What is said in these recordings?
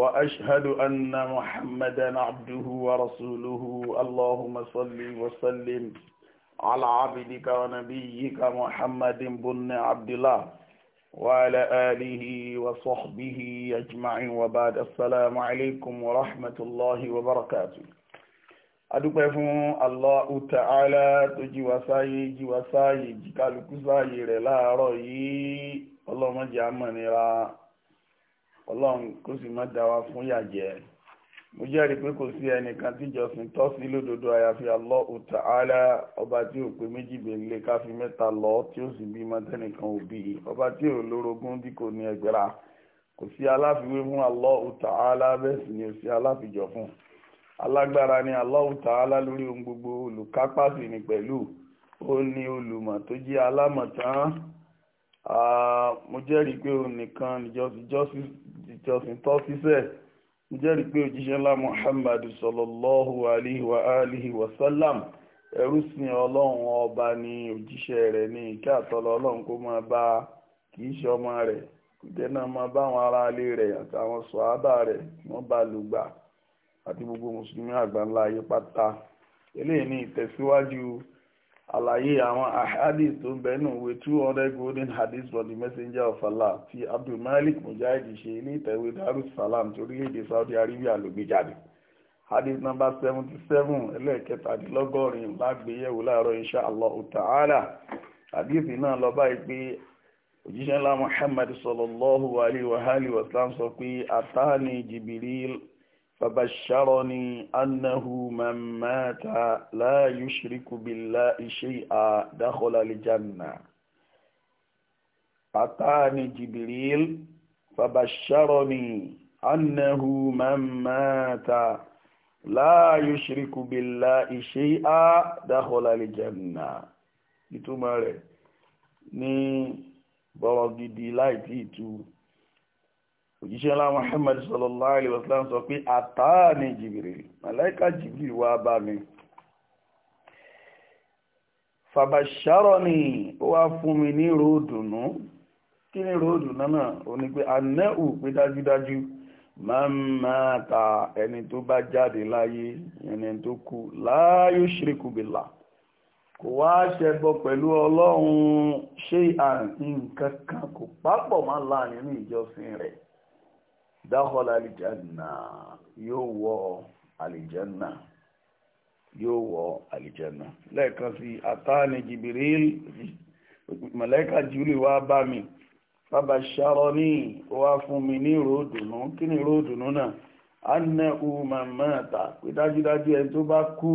وأشهد أن محمدا عبده ورسوله اللهم صل وسلم على عبدك ونبيك محمد بن عبد الله وعلى آله وصحبه أجمعين وبعد السلام عليكم ورحمة الله وبركاته adúpẹ́ fún Allahu Ta'ala tó jí wa sáyé jí wa sáyé jí sáyé rẹ̀ láàárọ̀ yìí ọlọ́mọdé àmọ́nira ọlọ́run kó sì má dá wa fún yàjẹ́ mo jẹ́rìí pé kò sí ẹnìkan tíjọsìn tọ́ sí lódodo àyàfi Allahu Ta'ala ọba tí ò pé méjì gbèlè ká fi mẹ́ta lọ tí ó sì bímọ tẹ́nìkan ò bí ọba tí ò lórogún bí kò ní ẹgbẹ́ra kò sí aláfiwé fún Allahu Ta'ala bẹ́ẹ̀ sì ni ò sí aláfijọ́ fún alágbára ni Allahu Ta'ala lórí ohun gbogbo olùkápá sì ni pẹ̀lú ó ní olùmọ̀ tó jẹ́ alámọ̀tán mo jẹ́rìí pé òun nìkan níjọsìn tọ́ síṣẹ́ mo jẹ́rìí pé òjíṣẹ́ ńlá muhammad sallallahu alayhi wa alihi wa sallam sin ọlọ́run ọba ni òjíṣẹ́ rẹ̀ ní ìkẹ́ àtọ́lọ́ ọlọ́run kó máa bá kì í ṣe ọmọ rẹ̀ kùdẹ́ náà máa bá àwọn ará awọn rẹ̀ àtàwọn sọ̀hábà rẹ̀ wọ́n bá gbogbo mùsùlùmí ayé pátá eléyìí ní àlàyé àwọn ahadith tó ń bẹ 200 golden hadith for the messenger of allah ti abdul malik mujahid ṣe ilé ìtẹ̀wé darussalam torílẹ̀-èdè saudi arabia ló gbé jáde hadith number 77 ẹlẹ́ẹ̀kẹtàdínlọ́gọ́rin lágbéyẹ̀wò láàárọ̀ insha allah ta'ala hadith náà lọ báyìí pé òjíṣẹ́ ńlá muhammad sallallahu alayhi wa sallam sọ pé atani jibril فبشرني أنه من مات لا يشرك بالله شيئا دخل الجنة أتاني جبريل فبشرني أنه من مات لا يشرك بالله شيئا دخل الجنة ìtumọ̀ rẹ̀ ní bọ̀rọ̀ gidi láì òjíṣẹ́ ńlá Muhammad sallallahu alaihi wasallam sọ pé àtàní Jibril màláìka Jibril wá bá mi fàbàṣárọ̀nì ó wá fún mi ní ròdùnú kí ni ròdùnú náà ó ní pé anẹ́hù pé dájúdájú máa ń máa ta ẹni tó bá jáde láyé ẹni tó kú láyé ṣíríkù kò wá ṣẹbọ pẹ̀lú ọlọ́run ṣé nǹkan kan kò pápọ̀ máa láàrin ìjọsìn rẹ̀ dákọ́lá àlìjánà yóò wọ àlìjánà yóò wọ àlìjánà lẹ́ẹ̀kan sí àtàní jìbìrìl mọ̀lẹ́kà júlì wá bá mi bàbá ṣàrọ ní wá fún mi ní ròdùnú kí ni ròdùnú náà a nẹ́ ohun ta pé dájúdájú ẹni tó bá kú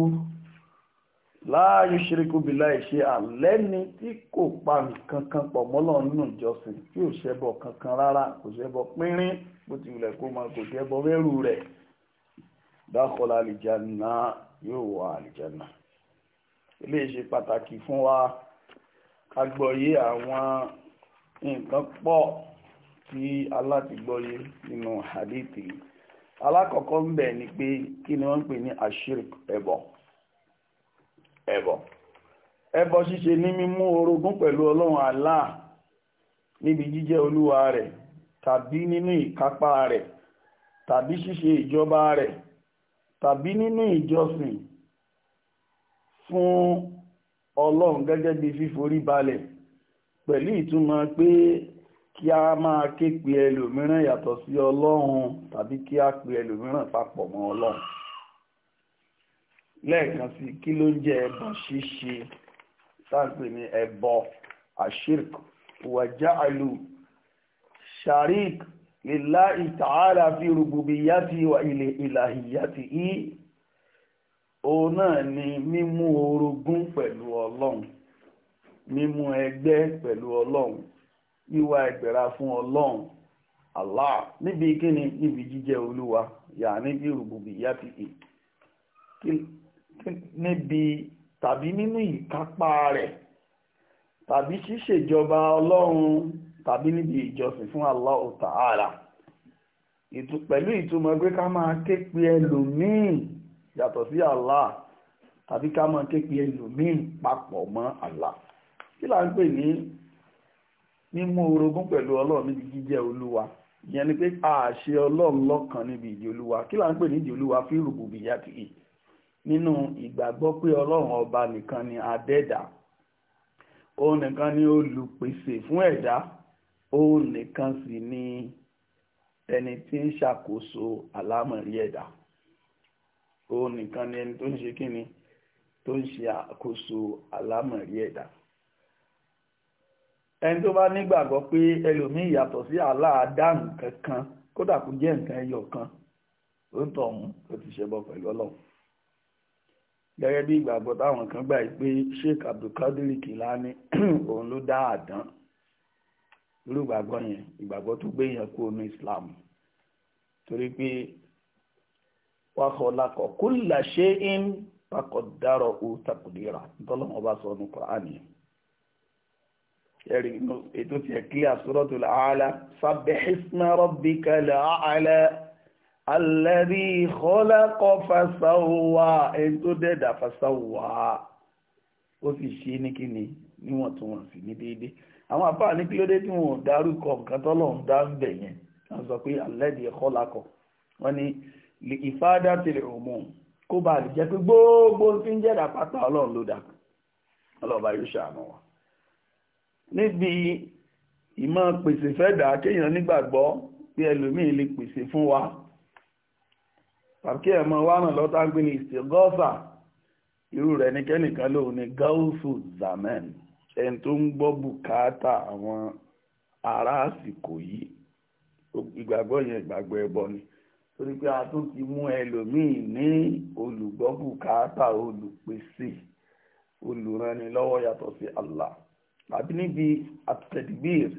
la yushriku billahi shay'an lẹ́ni tí kò pa nǹkan kan pọ̀ mọ́lọ̀ nínú ìjọsìn tí ò ṣẹbọ kankan rárá kò ṣẹbọ pínrín bó ti wùlẹ̀ kó máa kò ṣẹbọ mẹ́rù rẹ̀ dakhala al-janna yóò wọ al-janna ilé ṣe pàtàkì fún wa agbọ̀yé àwọn nǹkan pọ̀ tí alátìgbọ́yé nínú hadithi alákọ̀ọ́kọ́ ń bẹ̀ ni pé kí ni wọ́n ń pè ní ashirk ẹbọ. ẹbọ ẹbọ ṣíṣe ní mímú orogún pẹ̀lú ọlọ́run Allah níbi jíjẹ́ olúwa rẹ̀ tàbí nínú ìkápá rẹ̀ tàbí ṣíṣe ìjọba rẹ̀ tàbí nínú ìjọsìn fún ọlọ́run gẹ́gẹ́ bí fíforí balẹ̀ a máa ẹlòmíràn yàtọ̀ sí ọlọ́run tàbí kí a pe ẹlòmíràn papọ̀ mọ́ lẹ́ẹ̀kan sí kí ló ń jẹ́ ẹbọ ṣíṣe sáàpè ní ẹbọ àṣírk wàjáàlù sharik lillahi ta'ala fi rububiyyati wa ilahiyyatihi òun náà ni mímú orogún pẹ̀lú ọlọ́run mímú ẹgbẹ́ pẹ̀lú ọlọ́run wíwá ẹgbẹ̀ra fún ọlọ́run Allah níbi kíni níbi jíjẹ́ olúwa yà níbi rububiyyatihi níbi tàbí nínú ìkápá rẹ̀ tàbí ṣíṣèjọba ọlọ́run tàbí níbi ìjọsìn fún Allah Ta'ala pẹ̀lú ìtumọ̀ pé ká máa ké pe ẹlòmíì yàtọ̀ sí Allah tàbí ká máa ké pe ẹlòmíì papọ̀ mọ́ Allah kí là ń pè ní mímú orogún pẹ̀lú ọlọ́run níbi jíjẹ́ olúwa ìyẹn ni pé àṣẹ ọlọ́run lọ́kan níbi ìjì olúwa kí là ń pè ní ìjì olúwa fi rùbùbìyà tìí nínú ìgbàgbọ́ pé ọlọ́run ọba nìkan ni adẹ́dà òun nìkan ni olùpèsè fún ẹ̀dá òun nìkan sì ni ẹni tí ń ṣàkóso àlámọ̀rí ẹ̀dá òun nìkan ni ẹni tó ń ṣe kíni tó ń ṣe àkóso àlámọ̀rí ẹ̀dá ẹni tó bá nígbàgbọ́ pé ẹlòmíì yàtọ̀ sí aláàdá nǹkan kódà kó jẹ́ nǹkan ẹyọ kan ó tọ̀ ọ̀hún ó ti ṣẹbọ pẹ̀lú ọlọ́run gẹ́gẹ́ bí ìgbàgbọ́ táwọn kan gbà pé Sheikh Abdulkadir Kilani òun ló dá àdán irú ìgbàgbọ́ yẹn ìgbàgbọ́ tó gbé yẹn kú omi Islam torí pé wa khalaqa kulla shay'in faqaddarahu taqdira ntọ́lọ́mọ bá sọ ní Kùránì ẹ̀rí ètò tiẹ̀ kílíà Suratul A'la sabbihisma rabbikal a'la alẹ́rí kọ́lákọ́ fasáwà ẹni tó dẹ́dà fasáwà ó sì ṣe ní kíni níwọ̀ntúnwọ̀nsì ní déédéé àwọn àbá ní kí ló dé tí wọn ò dárúkọ nǹkan tọ́lọ̀ ń dá ń bẹ̀ yẹn wọ́n sọ pé alẹ́dì ẹ̀kọ́ lakọ̀ wọ́n ní ìfádà tilẹ̀ òmù kó bá lè jẹ́ pé gbogbo tí tàbí kí ẹ̀mọ wa ràn lọ́tà ń gbé ní ìsìgọ́sà irú rẹ̀ ní kẹ́nìkan lòun ní gáúsù zamen ẹni tó ń gbọ́ bùkátà àwọn ará àsìkò yìí ìgbàgbọ́ yẹn ìgbàgbọ́ ẹbọ ni torí pé a tún ti mú ẹlòmíì ní olùgbọ́ bùkátà olùpèsè olùrànilọ́wọ́ yàtọ̀ sí Allah tàbí níbi àtẹ̀dìgbìr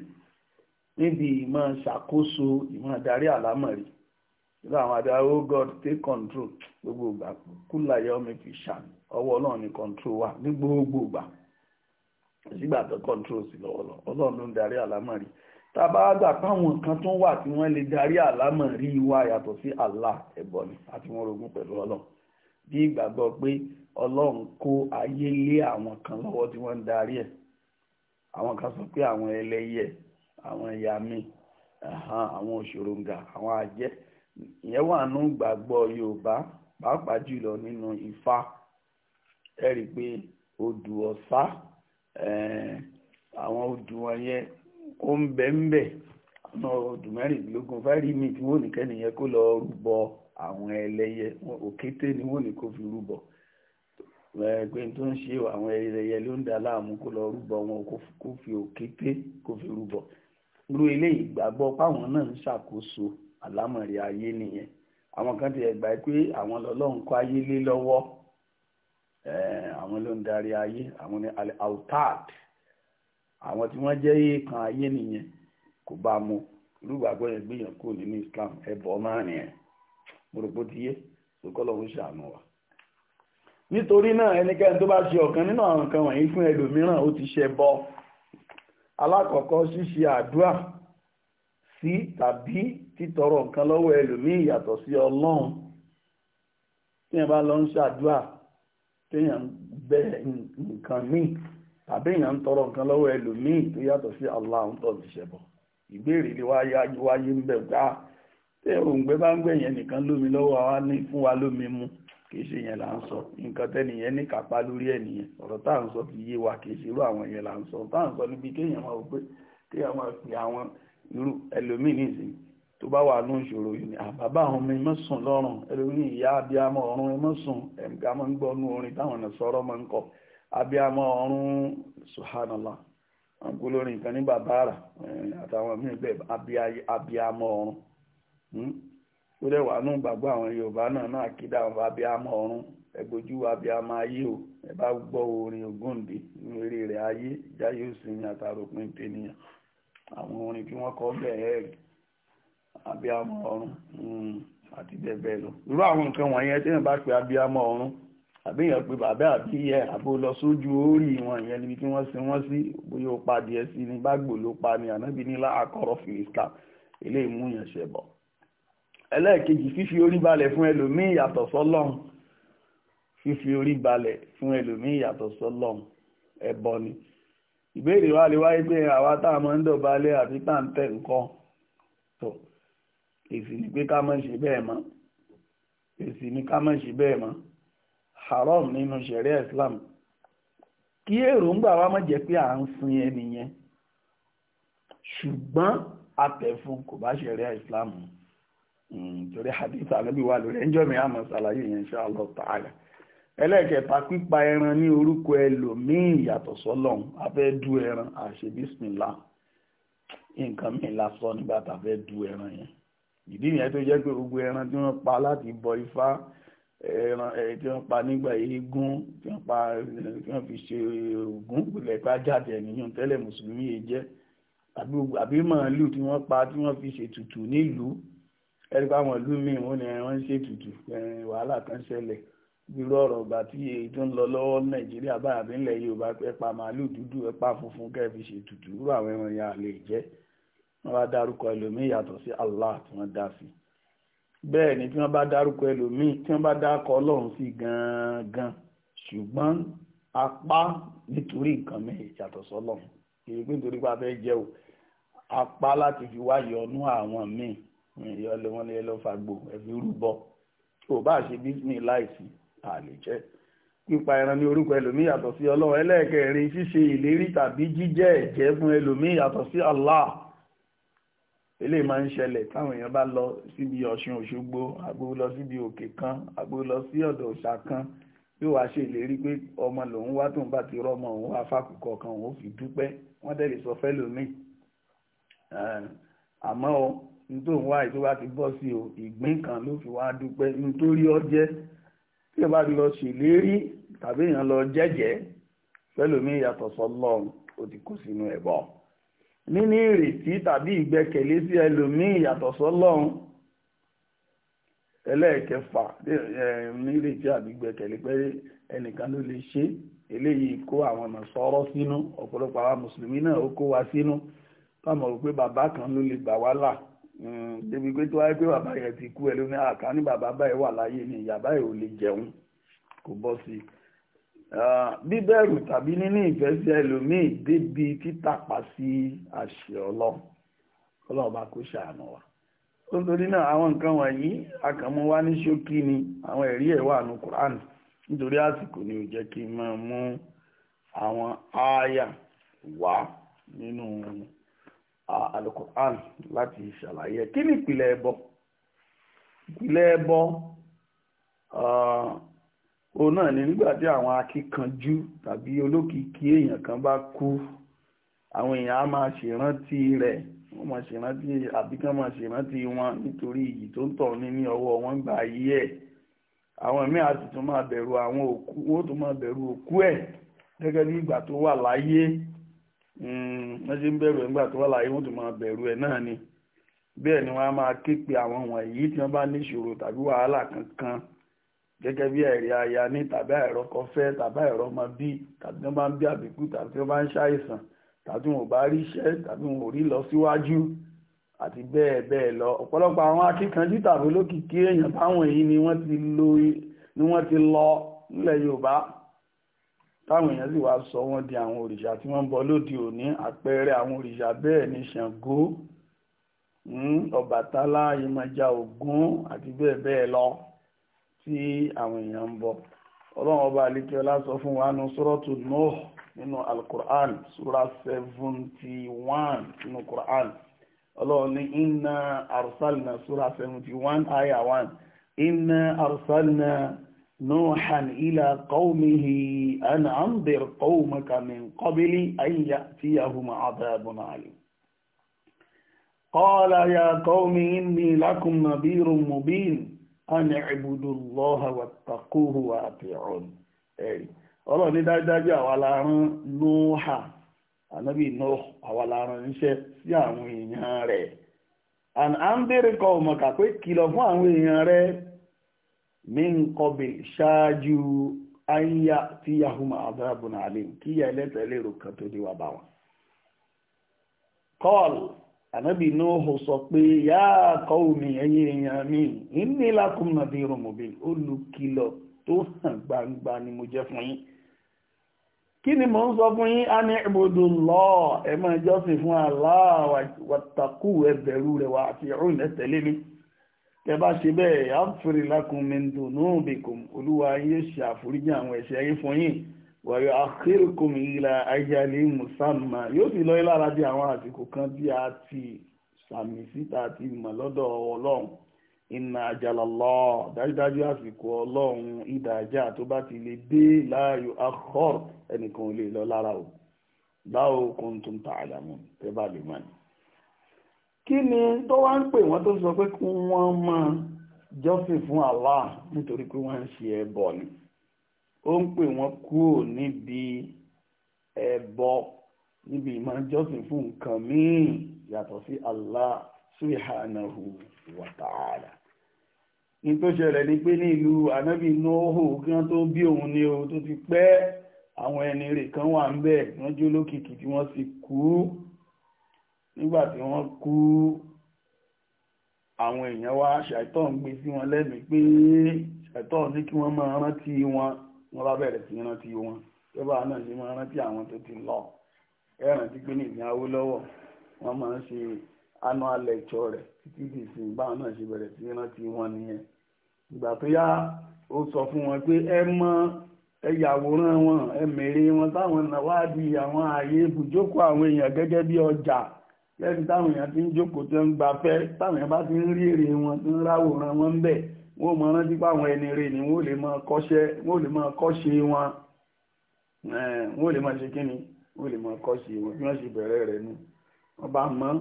níbi ìmọ̀ ṣàkóso ìmọ̀ darí àlámọ̀rí sílẹ̀ àwọn àdá oh God take control gbogbo ìgbà kúláyà omi fi ṣàn ọwọ́ ọlọ́run ní control wa ní gbogbo ìgbà tó control sí lọ́wọ́lọ́ ọlọ́run ló ń darí àlámọ̀rí tá a bá gbà páwọn kan tó wà tí wọ́n lè darí àlámọ̀rí wa yàtọ̀ sí Allah ẹ̀bọ̀ ni àti wọn rogún pẹ̀lú ọlọ́run bí ìgbàgbọ́ pé ọlọ́run kó ayé lé àwọn kan lọ́wọ́ tí wọ́n ń darí ẹ̀ àwọn kan sọ pé àwọn ẹlẹ́yẹ àwọn ẹ̀yà mi àwọn òṣòro àwọn ajẹ́ ìyẹn wà nù gbàgbọ́ Yorùbá pàápàá jùlọ nínú Ifá ẹ rí i pé odù Ọ̀ṣà eh, àwọn odù wọn yẹn ó ń bẹ ń bẹ ọ̀nà odù mẹ́rìndínlógún fẹ́rí mi tí wọ́n nìkẹ́ nìyẹn kó lọ rúbọ àwọn ẹlẹ́yẹ òkété ni wọ́n ní kó fi rúbọ eh, pé tó ń ṣe àwọn ẹlẹ́yẹ ló ń da láàmú kó lọ rúbọ wọn kó fi òkété kó fi rúbọ irú eléyìí gbàgbọ́ páwọn náà ń ṣàkóso àlámọ̀rí ayé nìyẹn àwọn kan ti ẹgbà pé àwọn lọ́lọ́run ayé lé lọ́wọ́ àwọn ló ayé àwọn ní autad àwọn tí wọ́n jẹ́ èèkàn ayé nìyẹn kò bá mu olùgbàgbọ́ yẹn gbìyàn ní Islam ẹ̀bọ̀ nìyẹn mo rò pé ó ti yé ń ṣàánú wa nítorí náà ẹnikẹ́ni tó bá ṣe ọ̀kan ti bọ́ alákọ̀ọ́kọ́ ṣíṣe àdúrà sí tàbí títọrọ nǹkan lọ́wọ́ ẹlòmíì yàtọ̀ sí ọlọ́run téèyàn bá lọ ń ṣàdúrà téèyàn bẹ nǹkan míì tàbí èèyàn ń tọrọ nǹkan lọ́wọ́ ẹlòmíì tó yàtọ̀ sí Allah tó ti ṣẹbọ ìbéèrè ni wáyé ń bẹ̀ gbá téèyàn ah, òǹgbẹ bá ń gbẹ̀yẹn nìkan lómi lọ́wọ́ wa ní fún wa lómi mu kì í ṣe yẹn là ń sọ nǹkan tẹ́nìyẹn ní kápá lórí ẹnìyẹn ọ̀rọ̀ tá à ń sọ ti yé wa kì í ṣe irú àwọn yẹn là ń sọ tá à ń sọ níbi kéèyàn máa wò pé kéèyàn máa fi àwọn irú ẹlòmíì nìyí tó bá wà ní ìṣòro yìí ni ah, àbábá àwọn ọmọ ẹmọ sùn lọ́rùn ẹlòmí ìyá abiyamọ ọ̀run ẹmọ sùn ẹ̀mìká máa ń gbọ́ ní orin táwọn ọ̀nà sọ̀rọ̀ máa ń kọ abiyamọ ọ̀run subhanallah àgbólórin kan ní bàbá àtàwọn míì abiyamọ hmm? ó dẹ̀ wà ní gbàgbọ́ àwọn yorùbá náà náà abiyamọ o ẹ bá gbọ́ orin rẹ̀ abiyamọ ọ̀run hmm, àti bẹ́ẹ̀ bẹ́ẹ̀ lọ irú àwọn nǹkan wọ̀nyẹn tí wọ́n bá pe abiyamọ ọ̀run àbí èèyàn pe bàbá àbí ìyá àbó lọ sójú orí wọn ìyẹn níbi tí wọ́n sin wọ́n sí bóyá ó pa díẹ̀ sí ni bágbò ló pa ni ànábì nílá akọ̀rọ̀ fìrìsà eléyìí mú yẹn ṣẹ̀ bọ̀ ẹlẹ́ẹ̀kejì fífi orí balẹ̀ fún ẹlòmíì yàtọ̀ sọ́lọ́hun fífi orí balẹ̀ fún ẹlòmíì yàtọ̀ sọ́lọ́hun ẹbọ ni ìbéèrè wa lè wáyé pé àwa tá a máa ń dọ̀bálẹ̀ àti tá nǹkan tó èsì ni pé ká má ṣe bẹ́ẹ̀ mọ́ èsì ni ká má ṣe bẹ́ẹ̀ mọ́ haram nínú ṣẹ̀ríà Islam kí èròǹgbà wa má jẹ́ pé à ń sin ẹni yẹn ṣùgbọ́n àtẹ̀fún kò bá ṣẹ̀ríà Islam hmm, torí hadith alábí wà lórí ẹjọ́ mi àmọ́ ṣàlàyé yẹn insha Allah ta'ala ẹlẹ́kẹta pípa ẹran ní orúkọ ẹlòmíì yàtọ̀ sọ́lọ́hun a du ẹran àṣẹ bísmìlá nǹkan mìíràn lásán nígbà tá a fẹ́ du ẹran yẹn ìdí nìyẹn tó jẹ́ pé gbogbo ẹran tí wọ́n pa láti bọ ifá ẹran tí wọ́n pa nígbà eégún tí wọ́n pa tí wọ́n fi ṣe ògún gbọ́dọ̀ pa jáde ẹ̀nìyàn tẹ́lẹ̀ mùsùlùmí yìí jẹ́ àbí màálù tí wọ́n pa tí wọ́n fi ṣètùtù nílùú ẹ̀rí pa àwọn ìlú míì wọ́n ní wọ́n ń ṣètùtù wàhálà kan ṣẹlẹ̀ irú ọ̀rọ̀ ọ̀gbà tí èyí tó ń lọ lọ́wọ́ nàìjíríà báyà bí ńlẹ̀ yorùbá pẹ́ pa màálù dúdú ẹ pa funfun kẹ́ fi ṣètùtù irú àwọn ẹran yẹn à jẹ́ wọ́n bá dárúkọ ẹlòmíì yàtọ̀ sí Allah tí wọ́n dá sí bẹ́ẹ̀ ni tí wọ́n bá dárúkọ ẹlòmíì tí wọ́n bá dákọ ọlọ́run sí gangan ṣùgbọ́n apá nítorí nǹkan mi yàtọ̀ sọ́lọ́run kìí pé nítorí pé a fẹ́ jẹ́ o apá láti fi wá yọnú àwọn míì ìyọlẹ wọn ni ẹ lọ fàgbò ẹbí rúbọ tó o bá ṣe bísíní láìsí àlè jẹ pípa ẹran ní orúkọ ẹlòmíì yàtọ̀ sí ọlọ́run ẹlẹ́ẹ̀kẹrin ṣíṣe ìlérí tàbí jíjẹ́ ẹ̀jẹ́ fún ẹlòmíì yàtọ̀ sí Allah eléyìí máa ń ṣẹlẹ̀ táwọn èèyàn bá lọ síbi ọ̀ṣun òṣogbo àbó lọ síbi òkè kan àbó lọ sí ọ̀dọ̀ òṣà kan yóò wá ṣe ìlérí pé ọmọ lòun wá tóun bá ti rọmọ òun wá fákùkọ kan òun fi dúpẹ́ wọ́n dẹ̀ lè sọ fẹ́ lómìn àmọ́ o ní wá èyí bá ti bọ́ sí o ìgbín kan ló fi wá dúpẹ́ nítorí ọ tí o bá lọ ṣèlérí tàbí èèyàn lọ jẹ́jẹ́ fẹ́ lómìn yàtọ̀ sọ́lọ́run ó níní ìrètí tàbí ìgbẹ́kẹ̀lé sí ẹlòmíì yàtọ̀ sọ́lọ́run ẹlẹ́ẹ̀kẹfà nírètí àbí ìgbẹ́kẹ̀lé pé ẹnìkan ló lè ṣe eléyìí kó àwọn ọ̀nà sọ̀rọ̀ sínú ọ̀pọ̀lọpọ̀ àwọn mùsùlùmí náà ó kó wa sínú táwọn rò pé bàbá kan ló lè gbà wá là hmm, débi pé tó wáyé pé bàbá yẹn ti kú ẹlòmíì àkàní bàbá báyìí wà láyé ni ìyá báyìí ò lè jẹun kò bọ́ sí i bíbẹ̀rù tàbí níní ìfẹ́ sí ẹlòmíì débi títàpá sí àṣẹ ọlọ́run ọlọ́run bá kó ṣàánú wa ó torí náà àwọn nǹkan wọ̀nyí akànmú wá ní ṣókí ni àwọn ẹ̀rí ẹ̀ wà ní Quran nítorí àsìkò ni ò jẹ́ kí n máa mú àwọn ááyà wá nínú alukur'an láti ṣàlàyé kí ni ìpìlẹ̀ ẹbọ ìpìlẹ̀ ẹbọ òun náà ni nígbà àwọn akíkanjú tàbí olókìkí èèyàn kan bá kú àwọn èèyàn á máa ṣèrántí rẹ wọ́n máa ṣèrántí àbí kán máa ṣèrántí wọn nítorí iyì tó ń tọ̀ ní ní ọwọ́ wọn gbà yí ẹ̀ àwọn míì á sì tún máa bẹ̀rù àwọn òkú wọ́n tún máa bẹ̀rù òkú ẹ̀ gẹ́gẹ́ bí ìgbà tó wà láyé hmm, wọ́n ṣe ń bẹ̀rù ẹ̀ nígbà tó wà láyé wọ́n tún máa bẹ̀rù ẹ̀ náà ni bẹ́ẹ̀ ni wọ́n á máa ké pe àwọn wọ̀nyí tí wọ́n bá ní ìṣòro tàbí wàhálà kankan gẹ́gẹ́ bí ẹ̀rí aya ní tàbí ẹ̀rọ kọfẹ́ tàbí ẹ̀rọ ọmọ bí tàbí wọ́n bá ń bí àbíkú tàbí wọ́n bá ń ṣàìsàn tàbí wọn ò bá rí iṣẹ́ tàbí wọn ò rí lọ síwájú àti bẹ́ẹ̀ bẹ́ẹ̀ lọ ọ̀pọ̀lọpọ̀ àwọn akíkanjú tàbí olókìkí èèyàn táwọn èyí ni wọ́n ti lọ ni wọ́n ti lọ nílẹ̀ Yorùbá táwọn èèyàn sì wá sọ wọ́n di àwọn òrìṣà tí wọ́n ń bọ lóde òní àpẹẹrẹ àwọn òrìṣà bẹ́ẹ̀ ni Ṣàngó hmm, Ọbàtálá Yemọja Ògún àti bẹ́ẹ̀ bẹ́ẹ̀ lọ tí àwọn èèyàn ń bọ ọlọ́run ọba àlekíọ́lá sọ fún wa nínú sọ́rọ́tù Nuh nínú alukur'an sura seventy one nínú kur'an ọlọ́run ní inna arsalna sura seventy one aya one inna arsalna nuhan ila qawmihi an anzir qawmaka min qabili an ya'tiyahum adhabun alim qala ya qawmi inni lakum nadhirun mubin. an i'budu Allaha wattaquhu wa ati'un ẹ̀rí ọlọ́run ní dájúdájú àwa la rán nóòhà ànábì nóòhà àwa la rán níṣẹ́ sí àwọn and à ń béèrè kọ ọmọ kà pé kìlọ̀ fún min qabl ànábì nóòhù sọ pé yá qaumi ẹ̀yin èèyàn mi inni lakum nadhirun mubin olùkìlọ̀ tó hàn gbangba ni mo jẹ́ fún yín kí ni mò ń sọ fún yín a ní lọ ẹ máa jọ́sìn fún Allah wàtàkù ẹbẹ̀rù rẹ̀ wà àti ìrùn mi tẹ bá ṣe bẹ́ẹ̀ olúwa wàyọ̀ àkírùkùn ìlà ayẹyẹ musamman yóò sì lọ lára bí àwọn àsìkò kan tí a ti sàmì síta àti mọ̀ lọ́dọ̀ ọlọ́run iná àjàlọ́lọ́ dájúdájú àsìkò ọlọ́run ìdájà tó bá ti lè dé láàyò akọ́r ẹnìkan ò lè lọ lára o báwo kò ń tún ta àdàmú tẹ́ bá lè mọ̀ ni. kí ni tó wá ń pè wọ́n tó sọ pé kí wọ́n máa jọ́sìn fún Allah nítorí pé wọ́n ń ṣe ẹbọ ni ó ń pè wọ́n kúrò níbi ẹbọ níbi ìmọ̀jọ́sìn fún nǹkan míì yàtọ̀ sí Allah subhanahu wa ta'ala ní tó ṣẹlẹ̀ ni pé ní ìlú anábì nóòhù kí wọ́n tó bí òun ni o tó ti pẹ́ àwọn ẹni rẹ̀ kan wà ń bẹ̀ wọ́n jó lókìkí tí wọ́n sì kú nígbà tí wọ́n kú àwọn èèyàn wá ṣàìtọ́ ń gbé sí wọn lẹ́mìí pé ṣàìtọ́ ní kí wọ́n máa rántí wọn wọ́n bá bẹ̀rẹ̀ sí rántí wọn tó bá náà ṣe máa rántí àwọn tó ti lọ ẹ rántí pé ní ìsìn Awólọ́wọ̀ wọ́n máa ń ṣe annual lecture rẹ̀ títí di ìsìn báwọn náà ṣe bẹ̀rẹ̀ sí rántí wọn nìyẹn ìgbà tó yá ó sọ fún wọn pé ẹ mọ ẹ yàwòrán wọn ẹ mèrè wọn táwọn wádìí àwọn ààyè ibùjókòó àwọn èèyàn gẹ́gẹ́ bí ọjà lẹ́yìn táwọn èèyàn ti ń jókòó tó ń gbafẹ́ táwọn èèyàn bá ti ń rí èrè wọn tó ń ráwòrán wọn ń bẹ̀ wọ́n mọ̀ rántí pé àwọn ẹni rẹ̀ ni wọ́n lè máa kọ́ṣe wọ́n lè máa kọ́ṣe wọn wọ́n lè máa ṣe kí ni wọ́n lè máa kọ́ṣe wọn bí wọ́n ṣe bẹ̀rẹ̀ rẹ̀ nu wọ́n bá mọ́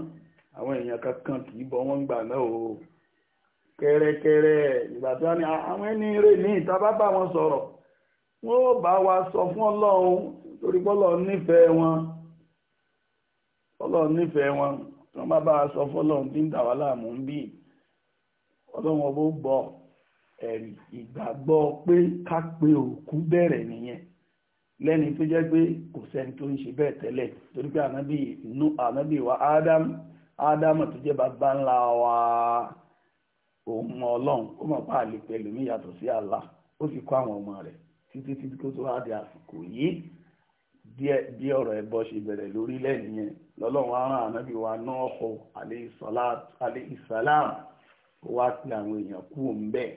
àwọn èèyàn kankan kì í bọ́ wọ́n gbà náà o kẹ́rẹ́kẹ́rẹ́ ìgbà tí wọ́n ní ah, àwọn ẹni rẹ̀ ní ìta bá bá wọn sọ̀rọ̀ wọ́n bá wa sọ fún ọlọ́run torí pọ́lọ́ nífẹ̀ẹ́ wọn pọ́lọ́ nífẹ̀ẹ́ wọn tí wọ́n bá bá wa sọ fún ọlọ́run tí ń dà wá láàmú ń bì ọlọ́run ọgbó gbọ́ ẹ̀rí ìgbàgbọ́ pé ká pe òkú bẹ̀rẹ̀ nìyẹn lẹ́ni tó jẹ́ pé kò sẹ́ni tó ń ṣe bẹ́ẹ̀ tẹ́lẹ̀ wa Adam Adam tó jẹ́ bàbá wa òun ọlọ́run ó mọ̀ pé àlè pẹ̀lú mi yàtọ̀ sí Allah ó sì kọ́ àwọn ọmọ rẹ̀ títí títí kó tó wá di àsìkò yìí díẹ̀ bí ọ̀rọ̀ ẹbọ ṣe bẹ̀rẹ̀ lọ́lọ́run wa Nuhu alayhi salam wá àwọn èèyàn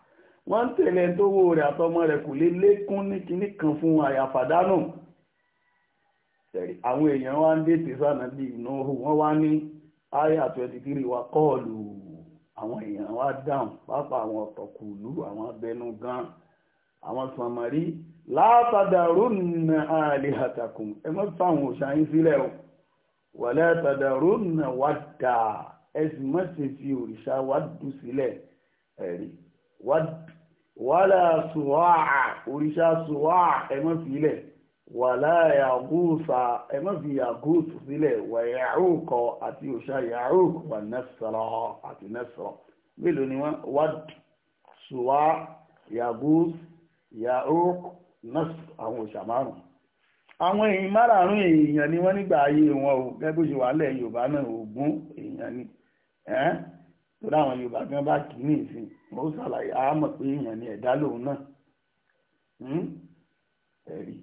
wọ́n ń tẹ̀lé tó wó rẹ̀ àtọmọ rẹ̀ kò lè lékún ní kinní kan fún àyàfàdánù àwọn èèyàn wá ń dé tẹ̀sánà bí ìnáwó wọ́n wá ní àyà 23 wa kọ́ọ̀lù àwọn èèyàn wá dáhùn pápá àwọn ọ̀tọ̀kùlú àwọn abẹnú gan àwọn sànmọ́rí látàdàrúnà àlèhàtàkùn ẹ mọ́ fáwọn òṣàyín sílẹ̀ o wà látàdàrúnà wàdà ẹ sì mọ́ ṣe fi òrìṣà wàdù sílẹ̀ ẹ̀rí wàdù wàlá sùwáà òrìṣà sùwáà ẹ má fi ilẹ̀ wàlá yàgùsà ẹ má fi yàgùsù sílẹ̀ wà yàrúkọ àti òṣà yàrúkọ wà nẹ́sọ̀rọ̀ àti nẹ́sọ̀rọ̀ mélòó ni wọ́n wàd sùwá yàgùs yàrúkọ nẹ́sọ̀rọ̀ àwọn òṣà márùn-ún àwọn èèyàn márààrún èèyàn ni wọ́n nígbà ayé wọn o gẹ́gẹ́ bó ṣe Yorùbá náà Ògún èèyàn ni torí àwọn yorùbá tí wọ́n bá kì í ní mo ṣàlàyé a mọ̀ pé èèyàn ni ẹ̀dá lòun náà hmm? ẹ̀rí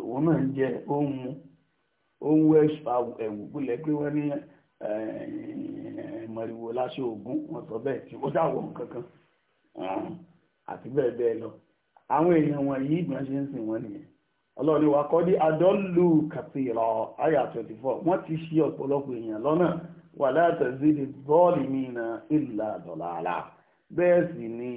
òun náà ń jẹ ohun mu ohun ẹ̀wù wọ́n wọn sọ bẹ́ẹ̀ tí ó kankan hmm. àti bẹ́ẹ̀ bẹ́ẹ̀ lọ àwọn èèyàn ṣe ń sìn wọ́n nìyẹn wa kọ́ adọ́lù kàtìrọ̀ 24 wọ́n ti ọ̀pọ̀lọpọ̀ èèyàn lọ́nà wala tazidi zalimina illa dalala bẹ́ẹ̀ sì ni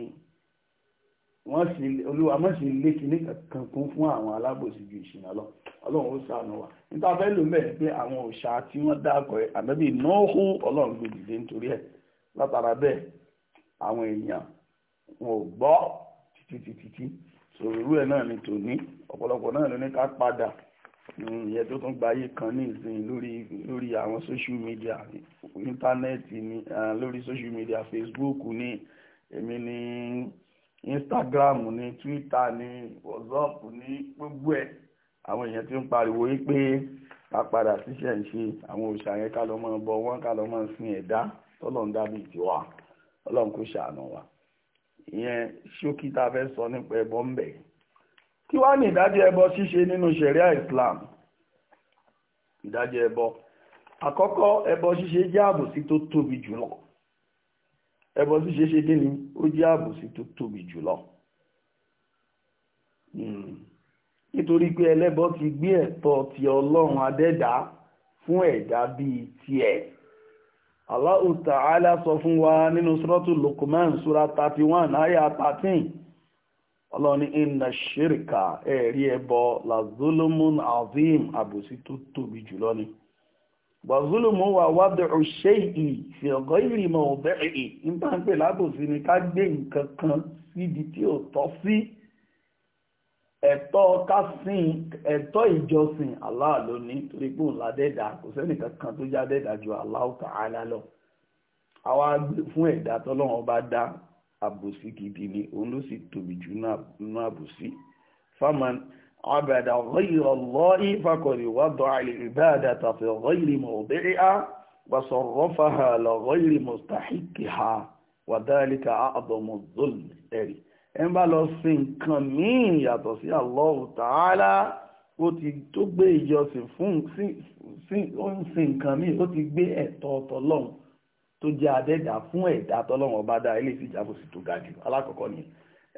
wọ́n sì olúwa mọ́ sí ilé kìíní kankan kún fún àwọn alábòsí ju ìṣìnà lọ ọlọ́run ó ṣàánú wa níta fẹ́ lò mẹ́rin pé àwọn òòṣà tí wọ́n dákọ̀ ẹ̀ àbẹ́bí Nóhù ọlọ́run gbé dìde nítorí ẹ̀ látara bẹ́ẹ̀ àwọn èèyàn wọn ò gbọ́ títí títí sòrúrú ẹ̀ náà ni tòní ọ̀pọ̀lọpọ̀ náà ló ní ká padà Mm, ìyẹn tó tún gbayé kan ní ìsìn lórí lórí àwọn social media íńtánẹ́ẹ̀tì ní lórí social media Facebook ní èmi ní Instagram ní Twitter ní WhatsApp ní gbogbo ẹ̀ àwọn èèyàn tí ń pariwo yí pé a padà síṣẹ́ ń ṣe àwọn òòṣà yẹn ká lọ mọ́ bọ wọ́n ká lọ mọ́ sin ẹ̀dá tọ́lọ́n dábì tiwa ọlọ́run kò ṣàánú wa ìyẹn ṣókí tá a fẹ́ sọ nípa ẹbọ ń kí wá ẹbọ ṣíṣe nínú sharia Islam ìdájọ́ ẹbọ àkọ́kọ́ ẹbọ ṣíṣe jẹ́ àbòsí tó tóbi jùlọ ẹbọ ṣíṣe ṣe ó jẹ́ àbòsí tó tóbi jùlọ hmm. nítorí pé ẹlẹ́bọ ti gbé ẹ̀tọ́ ti Ọlọ́run adẹ́dá fún ẹ̀dá bíi tiẹ̀ Allahu Ta'ala sọ fún wa nínú Suratu Luqman sura 31 náírà 13 ọlọ́ni iná ṣíríkà ẹ̀rí ẹbọ lazulumun azim àbòsí tó tóbi jùlọ ni wàzulumu wà wádùú ṣéyì fi ọ̀gọ́ ìrìnà ọ̀bẹ́ ì ń bá ń pè lábòsí ni ká gbé nǹkan kan síbi tí ò tọ́ sí ẹ̀tọ́ kásìn ẹ̀tọ́ ìjọsìn Allah ló torí pé òun ládẹ́dà kò sẹ́nìkan kan tó já dẹ́dà ju Allah lọ àwa fún ẹ̀dá tọ́lọ́run bá dá àbòsí gidi ni òun ló sì tóbi jù nínú àbòsí faman abada ghayra Allahi faqad wada'a al-ibadata fi ghayri mawdi'iha wa sarrafaha li ghayri mustahiqiha wa dhalika a'zamu adh-dhulm ẹ̀rí ẹ bá lọ sí nǹkan míì yàtọ̀ sí Allah Ta'ala ó ti tó gbé ìjọsìn fún sí nǹkan míì ó ti gbé ẹ̀tọ́ ọ̀tọ̀ lọ́hùn tó jẹ́ adẹ́dà fún ẹ̀dá tọ́lọ́wọ́n bá dá ilé ìfìjàbòsí tó ga jù alákọ̀ọ́kọ́ ni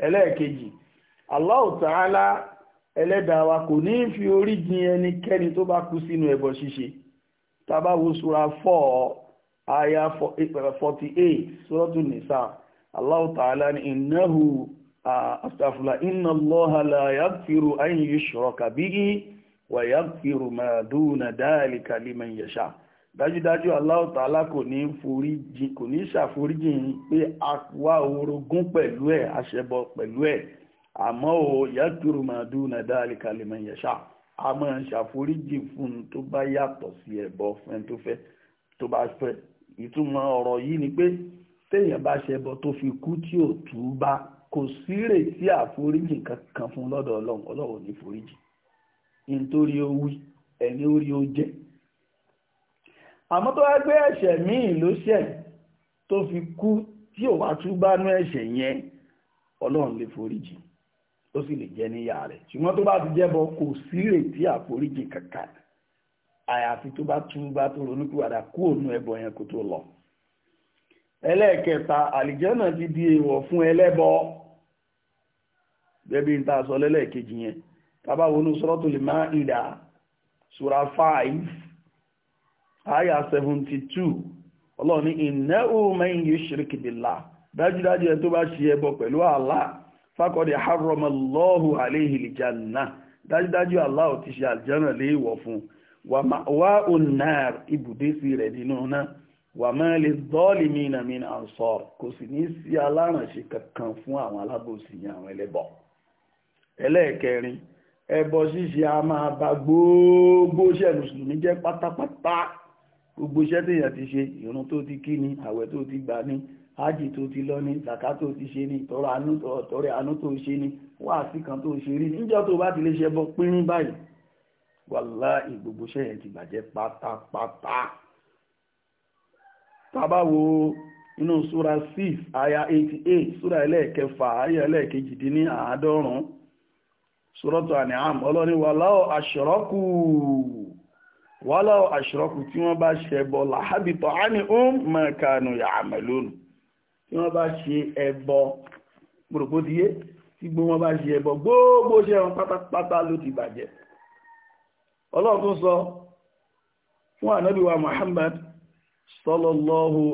ẹlẹ́ẹ̀kejì Allah Ta'ala ẹlẹ́dà wa kò ní fi orí jin ẹnikẹ́ni tó bá kú sínú ẹbọ ṣíṣe tábà wo sura four aya eh, forty eight suratul nisa Allah Ta'ala ni innahu astafula inna Allaha la yaghfiru an yushraka bihi wa yaghfiru ma duna dhalika dájúdájú Allah Ta'ala kò ní foríjì kò ní ṣàforíjì yín pé a wá orogún pẹ̀lú ẹ̀ aṣẹbọ pẹ̀lú ẹ̀ àmọ́ o yàtúrò máa dún nàdá àlìkalẹ̀mọ̀ yẹ̀ṣà a máa ṣàforíjì fún un tó bá yàtọ̀ sí ẹ̀bọ fún ẹni tó fẹ́ tó bá fẹ́ ìtumọ̀ ọ̀rọ̀ yìí ni pé téèyàn bá ṣẹbọ tó fi kú tí ò tú bá kò sí rètí àforíjì kankan fún lọ́dọ̀ ọlọ́run ọlọ́run ò ní foríjì nítorí ó wí ẹni ó rí ó jẹ́ àmọ́ tó wá gbé ẹ̀ṣẹ̀ míì ló ṣẹ̀ tó fi kú tí ò wá tún bá ní ẹ̀ṣẹ̀ yẹn ọlọ́run lè foríjì ó sì lè jẹ́ níyà rẹ̀ ṣùgbọ́n tó bá ti jẹ́bọ kò sírètí àforíjì kankan àyàfi tó bá tún bá tó ronúkúwàdà kú òun ẹbọ yẹn kó tó lọ ẹlẹ́ẹ̀kẹta ti di èèwọ̀ fún ẹlẹ́bọ ń ta sọ lẹ́lẹ́ẹ̀kejì yẹn tábà wọnú àyà 72 ọlọ́run ní innahu man yushrik billah dájúdájú ẹ tó bá ṣe ẹbọ pẹ̀lú Allah faqad harrama Allahu dájúdájú Allah ò ti ṣe àlìjánà léèwọ̀ fún wa ma'wa'un nar ibùdé sí rẹ̀ nínú náà wà máa lè dọ́ọ̀lì mìíràn mìíràn kò sì ní sí kankan fún àwọn alábòsí àwọn ẹlẹ́ẹ̀kẹrin ẹbọ ṣíṣe a máa gbogbo iṣẹ́ mùsùlùmí jẹ́ pátápátá gbogbo iṣẹ́ tó yàn ti ṣe ìrun tó ti kí ni àwẹ̀ tó ti gbà ni ájì tó ti lọ ni zàká tó ti ṣe ni ìtọrẹ àánú tó ṣe ni wáàsí kan tó ṣe rí níjọ́ tó bá ti lè ṣe bọ́ pínrín báyìí wàláhì gbogbo iṣẹ́ yẹn ti bàjẹ́ pátápátá tábàwo inú súra six aya eighty eight súra ẹlẹ́ẹ̀kẹfà aya ẹlẹ́ẹ̀kejìdínní àádọ́rùn-ún súrọ́tò àníhàm ọlọ́ni wàláhì àṣọ̀rọ́kù. wọ́lọ́ àṣírọ́kù tí wọ́n bá ṣe ẹbọ làhábìtọ̀ á ní ó mọ̀kànù yàmẹ̀ lónìí tí wọ́n bá ṣe ẹbọ gbòrògbòdìyé tí gbogbo bá ṣe ẹbọ gbogbo ṣe wọn pátápátá ló ti bàjẹ́ ọlọ́run sọ fún Muhammad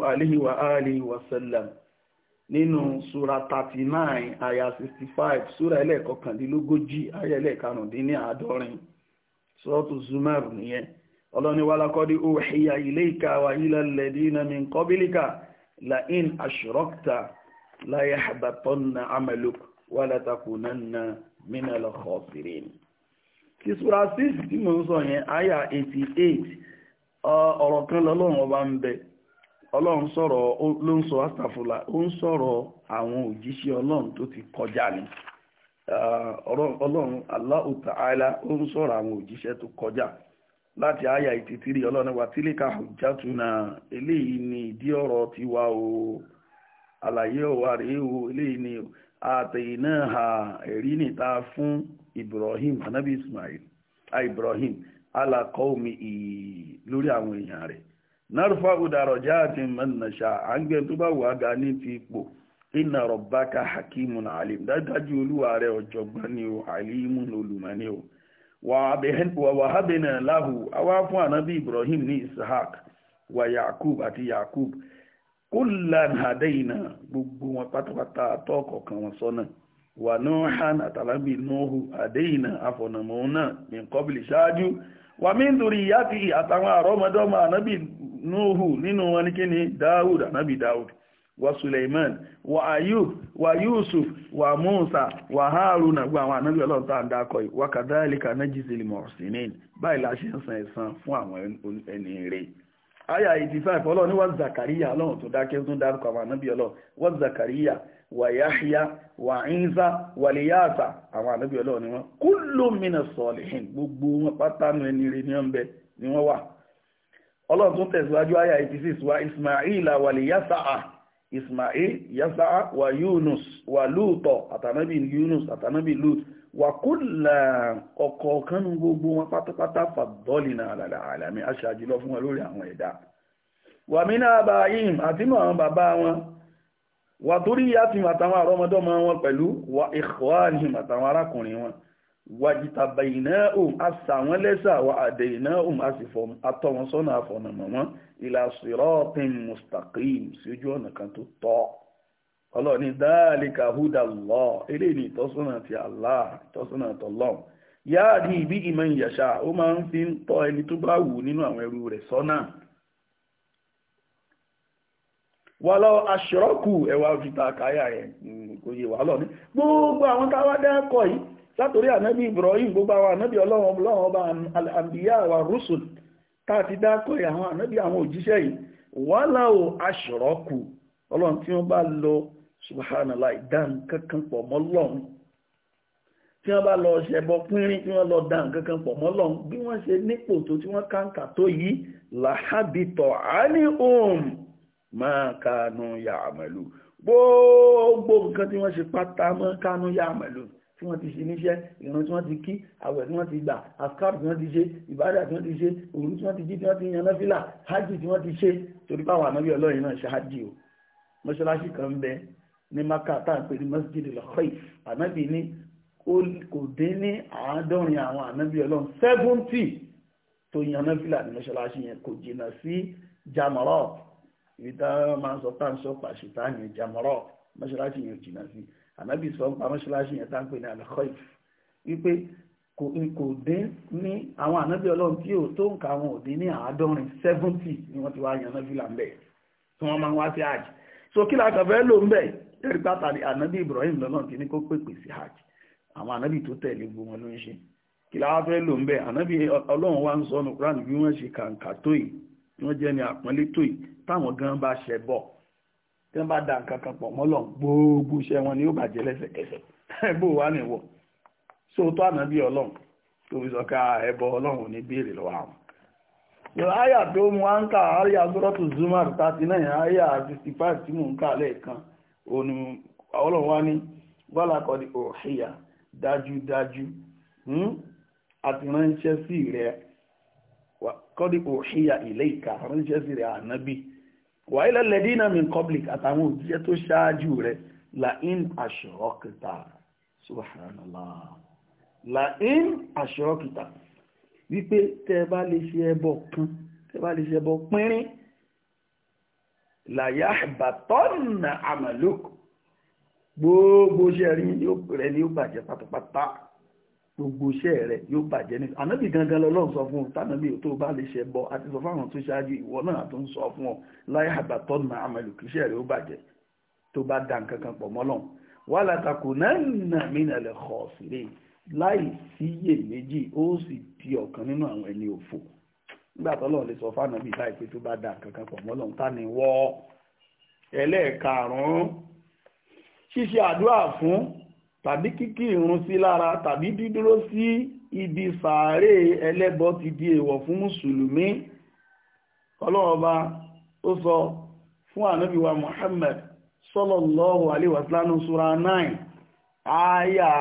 alihi wa alihi wa sallam nínú sura 39 aya 65 sura ẹlẹ́ẹ̀kọkàndínlógójì aya sọ́ọ̀tù nìyẹn ọlọ́ni walakọ́dí uhiya ilayka wa ila alladhina min qablika la in ashrakta la yahbatanna amaluk wa la takunanna minal khasirin ti 6 tí mo ń sọ yẹn aya 88 ọ̀rọ̀ kan lọ́lọ́run ọba ń bẹ ọlọ́run sọ̀rọ̀ ló ń sọ astafula ó ń sọ̀rọ̀ àwọn òjíṣẹ́ ọlọ́run tó ti kọjá ni ọlọ́run Allahu ta'ala ó ń sọ̀rọ̀ àwọn òjíṣẹ́ tó kọjá láti àyà ìtìtìrì ọlọ́run wa tílíkà hujjatuna eléyìí ni ìdí ọ̀rọ̀ tiwa o àlàyé ọ̀wà rèé o eléyìí ni àtẹ̀yìn náà ha ẹ̀rí níta fún Ibrahim anabi Ismail a Ibrahim alakọ́ọ̀mì ìyí lórí àwọn èèyàn rẹ̀ narfa udaroja ati mannasha àgbẹ̀ tó bá wà ga ní ti ipò inna rabbaka hakimun alim dájú olúwa rẹ̀ ọ̀jọ̀gbọ́n ni o alimun olùmọ̀ ni o. wàhábẹ̀nà láhù awá fún ànábì ibrahim ní ishaq wà yakub àti yakub kullan hadaina gbogbo wọn pátápátá àtọ́kọ̀ kan wọn sọ́nà wà nuhan àtàlábì nuhu hadaina afọ̀nàmọ́ náà ní kọ́bìlì ṣáájú wà mí nítorí ìyá ti àtàwọn àrọ́mọdọ́mọ ànábì nuhu nínú wọn ní kíni dáhùd ànábì dáhùd wa Suleiman wa Ayub wa Yusuf wa Musa wa Haruna gba àwọn ànábì Ọlọ́run tá ń dákọ̀ yìí wa kadhalika najzil muhsinin báyìí la ṣe ń san ẹ̀san fún àwọn ẹni rẹ̀ aya 85 Ọlọ́run ní wa Zakariya Ọlọ́run tó dákẹ́ tó dárúkọ àwọn ànábì Ọlọ́run wa Zakariya wa Yahya wa Inza, wa Liyasa àwọn ànábì Ọlọ́run ni wọ́n kullun minas salihin gbogbo wọn pátánù ẹni rẹ̀ ni wọ́n bẹ ni wọ́n wà Ọlọ́run tó tẹ̀síwájú aya 86 wa Ismaila wa Liyasa'a ismail yasa wa yunus wa luto àtànábì yunus àtànábì lut wa kúlà ọ̀kọ̀ọ̀kan gbogbo wọn pátápátá fàdọ́lìnà àlàlà àlàmì aṣáájú lọ fún wọn lórí àwọn ẹ̀dá wà mí náà bá yìí àtinú àwọn bàbá wọn wà torí yá ti màtàwọn àrọ́mọdọ́mọ wọn pẹ̀lú wà ìkọ́ àníhìn màtàwọn arákùnrin wọn wàjìtàbàyìnáhùn a ṣà wọ́n lẹ́ṣà wà àdèyìnáhùn a sì atọ́ wọn sọ́nà àfọ̀nàmọ́ wọn ìlà mustaqim sí ojú ọ̀nà kan tó tọ́ ọlọ́ni dáàlìkà húdà eléyìí ni ìtọ́sọ́nà ti Allah ìtọ́sọ́nà tọ́lọ́hùn yáàdì ìbí ìmọ̀ ìyàṣà ó máa ń fi ń tọ́ ẹni tó bá wù nínú àwọn ẹrú rẹ̀ sọ́nà wọ́lọ́ aṣọ́rọ́kù ẹwà òfìta káyà ẹ̀ kò yé gbogbo àwọn táwa látorí ànábì Ibrahim gbogbo àwọn ànábì ọlọ́run ọlọ́run ọba àbíyá wa rusul tá a ti dákọ̀ ẹ̀ àwọn ànábì àwọn òjíṣẹ́ yìí wàhálà ò aṣọ̀rọ̀kù ọlọ́run tí wọ́n bá lọ subhanallah ìdán kankan pọ̀ mọ́ lọ́run tí wọ́n bá lọ ṣẹbọ pínrín tí wọ́n lọ dá nǹkan kan pọ̀ mọ́ lọ́hùn bí wọ́n ṣe nípò tó tí wọ́n káńkà tó yìí làhábìtọ̀ àní òun máa kánú yà àmàlù gbogbo nǹkan tí wọ́n ṣe pátá mọ́ kánú yà àmàlù tí wọ́n ti ṣe níṣẹ́ ìran tí wọ́n ti kí àwẹ̀ tí wọ́n ti gbà àsìkáàrù tí wọ́n ti ṣe ìbádà tí wọ́n ti ṣe òru tí wọ́n ti jí tí wọ́n ti yan náfìlà hajj tí wọ́n ti ṣe torí báwọn ànábì ọlọ́run náà ṣe hajj o mọ́ṣáláṣí kan bẹ ní maka tá à pè ní masjid al-khaif ànábì ni, kò dín ní àádọ́rin àwọn ànábì ọlọ́run seventy tó yan náfìlà ní mọ́ṣáláṣí yẹn kò jìnnà sí jamarot ibi táwọn máa ń sọ táǹsọ̀ pàṣẹ táǹyẹ̀ ànábì sọ nípa mọ́ṣáláṣí yẹn tá ń pè ní alkhoif wípé kò dín ní àwọn ànábì ọlọ́run tí ò tó nǹka àwọn ò dín ní àádọ́rin seventy ni wọ́n ti wá yan náà fìlà ńbẹ̀ tí wọ́n máa ń wá sí hajj so kí la kàn lò ń bẹ̀ ẹ̀rí pátá ni ànábì Ibrahim lọ́nà ti ní kó pèpè sí hajj àwọn ànábì tó tẹ̀lé gbogbo wọn ló ń ṣe kí la wá fẹ́ lò ń bẹ̀ ànábì ọlọ́run wá ń sọ kúránì bí wọ́n ṣe kàǹkà tó wọ́n jẹ́ ni àpọ́nlé tó yìí táwọn gan bá ṣẹ bọ̀ tí wọ́n bá da nǹkan kan pọ̀ mọ́lọ̀ gbogbo iṣẹ́ wọn ni yóò bàjẹ́ lẹ́sẹ̀kẹsẹ̀ ẹbú wa ni wọ̀ sóòótọ́ ànábì ọlọ́run tó fi sọ́ka ah, ẹbọ ọlọ́run ní béèrè lọ́wọ́ àwọn. àyà tó mú wa ń kà zumar thirty nine àyà fifty five tí mò ń kà lẹ́ẹ̀kan òun ọlọ́run hmm, wa ní wàlàkọ́dì òhìyà dájúdájú àtìránṣẹ́ sí rẹ̀ wàhálà lẹ́dínà min public àtàwọn òjíṣẹ́ tó ṣáájú rẹ̀ la'in aṣọ́rọ́kìtà subhanallah la'in aṣọ́rọ́kìtà wípé tẹ́ bá lè ṣe ẹbọ kan tẹ́ bá lè ṣe pínrín làyà àbàtọ́nà àmàlókù gbogbo ṣẹ́rin rẹ̀ ni ó bàjẹ́ pátápátá gbogbo iṣẹ́ rẹ̀ yóò bàjẹ́ ní ànábì gangan lọ́lọ́run sọ fún un tánàbì tó bá lè ṣe bọ́ àti sọ fáwọn tó ṣáájú ìwọ náà tó ń sọ fún ọ láyé àgbàtọ́ nà àmàlù kí iṣẹ́ rẹ̀ ó bàjẹ́ tó bá da nǹkan kan pọ̀ mọ́lọ́run wà látàkù náà mìíràn lè xọ́ sílé láì síyè méjì ó sì di ọ̀kan nínú àwọn ẹni òfò nígbà tọ́lọ́run lè sọ fánàbì láì pé tó bá da nǹkan kan pọ̀ mọ́lọ́run tani wọ́ ẹlẹ́ẹ̀karùn-ún ṣíṣe àdúrà fún tàbí kíkí ìrun sí lára tàbí dídúró sí ibi sàárè ẹlẹ́bọ ti di èèwọ̀ fún mùsùlùmí ọlọ́ọba ó sọ fún ànábìwa Muhammad sallallahu alaihi wasallam sura 9 aya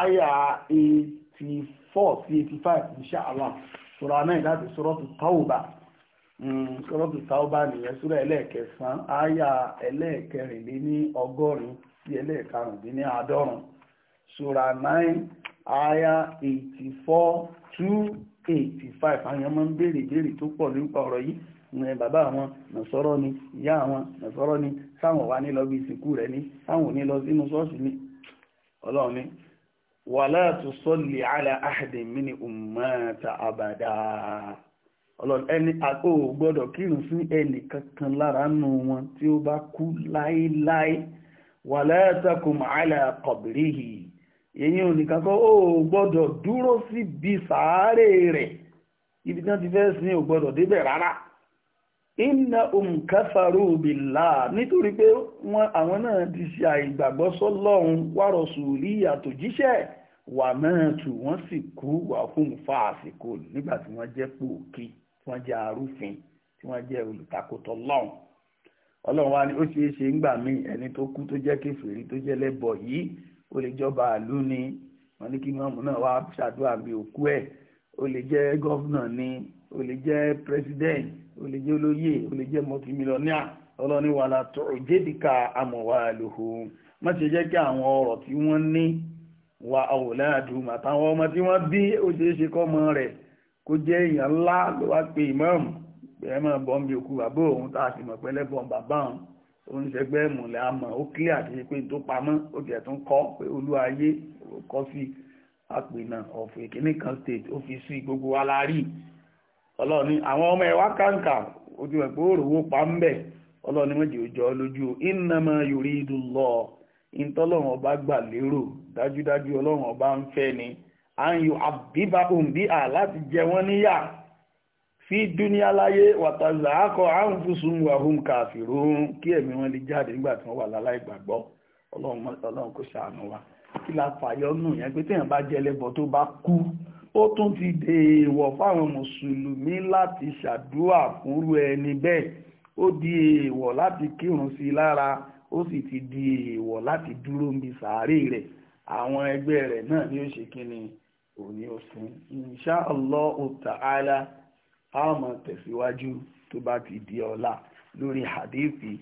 aya 84 sí 85 insha Allah sura 9 láti suratu Tawbah sọ́lọ́tù táọ́bà nìyẹn súrà ẹlẹ́ẹ̀kẹsàn-án àyà ẹlẹ́ẹ̀kẹrìnléní ọgọ́rin sí ẹlẹ́ẹ̀karùndínní àádọ́rùn nine àyà eighty four two eighty five ń béèrè tó pọ̀ nípa ọ̀rọ̀ yìí ni ìyá àwọn nàṣọ́rọ́ ni sáwọn wà ní lọ bí ìsìnkú ni sáwọn ò lọ sínú ṣọ́ọ̀ṣì ni ọlọ́run ni ọlọ́run ẹni àpò gbọ́dọ̀ kírun sí ẹnì kankan lára nù wọn tí ó bá kú láéláé wà lẹ́ẹ̀tẹ̀kùn àlẹ́ kọ̀bìrìhì èyí ò nìkan kọ́ ó gbọ́dọ̀ dúró síbi sàárè rẹ̀ ibi tí wọ́n ti fẹ́ sin ò gbọ́dọ̀ débẹ̀ rárá iná òǹkàfàrò òbílà nítorí pé àwọn náà ti ṣe àìgbàgbọ́ sọ́lọ́run wárọ̀sù rí àtòjíṣẹ́ wà náà tù wọ́n sì kú wà fún fáàsìkò nígbà tí wọ́n jẹ́ pòkì wọ́n jẹ́ arúfin tí wọ́n jẹ́ olùtakòtò lọ́hùn ọlọ́run wa ni ó ṣeé ṣe ńgbà míì ẹni tó kú tó jẹ́ kèfèrí tó jẹ́ lẹ́bọ yìí ó lè jọba àlú ni wọ́n ní kí mọ́mù náà wá ṣàdúrà bí òkú ẹ̀ ó lè jẹ́ gọ́vnà ni ó lè jẹ́ pírẹsidẹ́ǹtì ó lè jẹ́ olóyè ó lè jẹ́ mọ́tìmílọ́níà ọlọ́ni wà látọ̀ òjèdìkà àmọ̀wá lòhùn má ṣe jẹ́ kí àwọn ọ̀rọ̀ tí wọ́n ní wa àwòlẹ́ àdùnmọ̀ àtàwọn ọmọ tí wọ́n bí ó ṣeé ṣe kọ́ mọ́ rẹ̀ kó jẹ́ èèyàn ńlá ló wá pe ìmáàmù bẹ́ẹ̀ máa bọ́ mi òkú bàbá òun tá a sì mọ̀ pẹ́lẹ́ bọ́ bàbá òun ó ń ṣẹgbẹ́ ìmùlẹ̀ àmọ́ ó kílẹ̀ àti pé tó pamọ́ ó jẹ́ tó ń kọ́ pé olúwa state ó gbogbo wa la rí ọlọ́ọ̀ni àwọn ọmọ ẹ̀wá kàǹkà ojú pa ń bẹ̀ ọlọ́ọ̀ni méjì ò jọ lójú innama yuridu Allah ọba gbà lérò dájúdájú ni àyù àbíbá òǹbí à láti jẹ wọ́n níyà fi dúníà láyé wàtàzà akọ àrùn fúsùn wàhùn kàfìrún kí ẹ̀mí wọn lè jáde nígbà tí wọ́n wà láláì gbàgbọ́ ọlọ́run kò ṣàánú wa kí la fàyọ nù yẹn pé téèyàn bá jẹlẹ́bọ tó bá kú ó tún ti dèèwọ̀ fáwọn mùsùlùmí láti ṣàdúrà fúnrú ẹni bẹ́ẹ̀ ó di èèwọ̀ láti kírun sí i lára ó sì ti di èèwọ̀ láti dúró níbi sàárè rẹ̀ àwọn ẹgbẹ́ rẹ̀ náà ni ó ṣe kí ni òní oṣù insha Allahu ta'ala a máa tẹ̀síwájú tó bá ti di ọ̀la lórí hadithi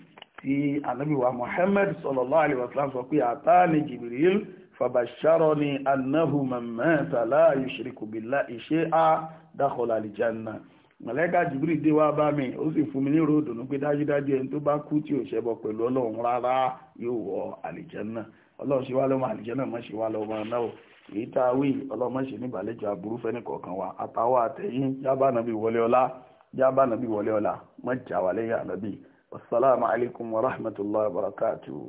tí anábìwá Muhammad sallallahu alaihi wasallam sọ pé àtàní Jibril fàbàṣárọ́ni annahu mamata la yushriku billahi shay'a dakhala al-janna mọ̀lẹ́kà Jibril dé wá bá mi ó sì fún mi ní ròdùnú pé dájúdájú ẹni tó bá kú tí ò ṣẹbọ pẹ̀lú ọlọ́run rárá yóò wọ àlìjẹ́nà ọlọ́run ṣe wá lọ́mọ àlìjẹ́nà mọ́ ṣe wá lọ́mọ náà èyí tá a wí ọlọ́mọṣẹ́ níbàlẹ́jọ aburú fẹ́ni kọ̀ọ̀kan wa àtàwọn àtẹ̀yìn yábà nàbí wọlé ọlá yábà nàbí wọlé ọlá mọ̀jà wà wasalaamu alaykum wa rahmatulahi wa barakatuhu.